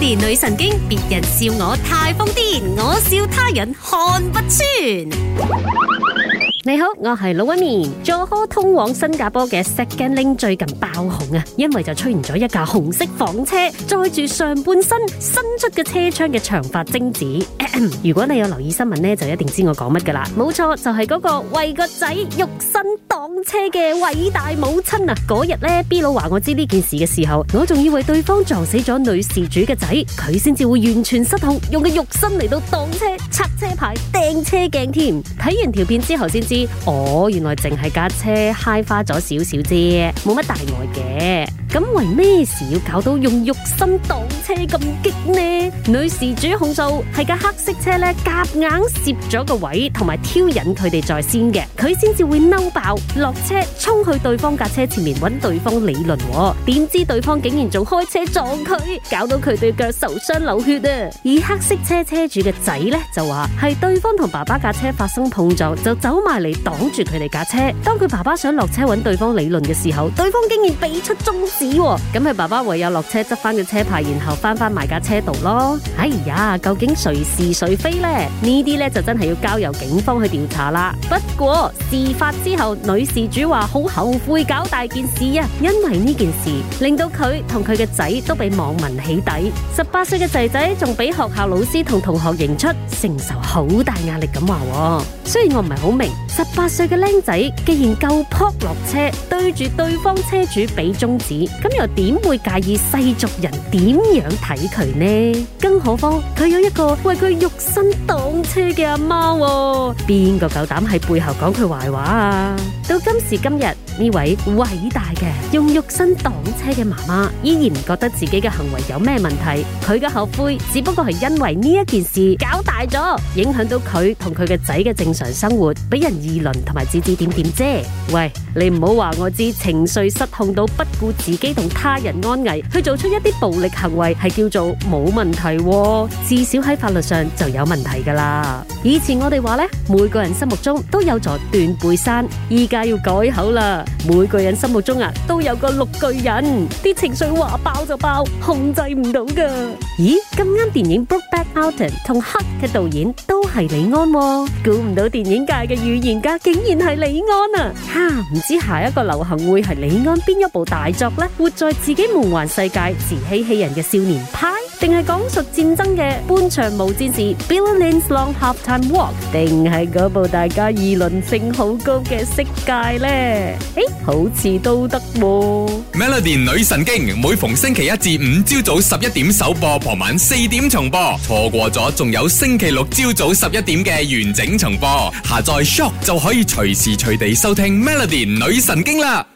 連女神經，別人笑我太瘋癲，我笑他人看不穿。你好，我係 Melody。坐車通往新加坡嘅 Second Link 最近爆紅啊，因為就出現咗一架紅色房車，載住上半身伸出嘅車窗嘅長髮貞子。如果你有留意新聞呢，就一定知我講乜噶啦。冇錯，就係、是、嗰個為個仔肉身擋車嘅偉大母親啊！嗰日咧，B 佬話我知呢件事嘅時候，我仲以為對方撞死咗女事主嘅仔，佢先至會完全失控，用個肉身嚟到擋車、拆車牌、掟車鏡添。睇完條片之後先。知哦。原來淨係架車揩花咗少少啫，冇乜大礙嘅。咁為咩事要搞到用肉身擋車咁激呢？女事主控訴係架黑色車呢，夾硬攝咗個位，同埋挑釁佢哋在先嘅，佢先至會嬲爆落車，衝去對方架車前面搵對方理論，哦，點知對方竟然仲開車撞佢，搞到佢對腳受傷流血啊！而黑色車車主嘅仔呢，就話係對方同爸爸架車發生碰撞，就走埋嚟擋住佢哋架車。當佢爸爸想落車搵對方理論嘅時候，對方竟然俾出中。咁佢爸爸唯有落車執翻個車牌，然後翻翻埋架車度咯。哎呀，究竟誰是誰非呢？呢啲咧就真係要交由警方去調查啦。不過事發之後，女事主話好後悔搞大件事啊，因為呢件事令到佢同佢嘅仔都被網民起底，十八歲嘅仔仔仲俾學校老師同同學認出，承受好大壓力咁話、啊。雖然我唔係好明，十八歲嘅僆仔既然夠撲落車，對住對方車主俾中指。咁又點會介意世俗人點樣睇佢呢？更何況佢有一個為佢肉身擋車嘅阿媽喎，邊個夠膽喺背後講佢壞話啊？到今時今日。呢位偉大嘅用肉身擋車嘅媽媽，依然唔覺得自己嘅行為有咩問題。佢嘅後悔只不過係因為呢一件事搞大咗，影響到佢同佢嘅仔嘅正常生活，俾人議論同埋指指點點啫。喂，你唔好話我知情緒失控到不顧自己同他人安危，去做出一啲暴力行為係叫做冇問題喎，至少喺法律上就有問題噶啦。以前我哋話呢，每個人心目中都有座斷背山，依家要改口啦。每個人心目中啊都有個綠巨人，啲情緒話爆就爆，控制唔到㗎。咦，咁啱電影《Brokeback Mountain》同《黑》嘅導演都係李安喎，估唔到電影界嘅預言家竟然係李安啊！吓、啊，唔知下一個流行會係李安邊一部大作呢？活在自己夢幻世界、自欺欺人嘅少年派。Pie? 定係講述戰爭嘅《半場無戰事》（Billy Lynn's Long Half Time Walk），定係嗰部大家議論性好高嘅《色戒》呢？誒、欸，好似都得喎。Melody 女神經每逢星期一至五朝早十一點首播，傍晚四點重播。錯過咗，仲有星期六朝早十一點嘅完整重播。下載 Shock 就可以隨時隨地收聽 Melody 女神經啦。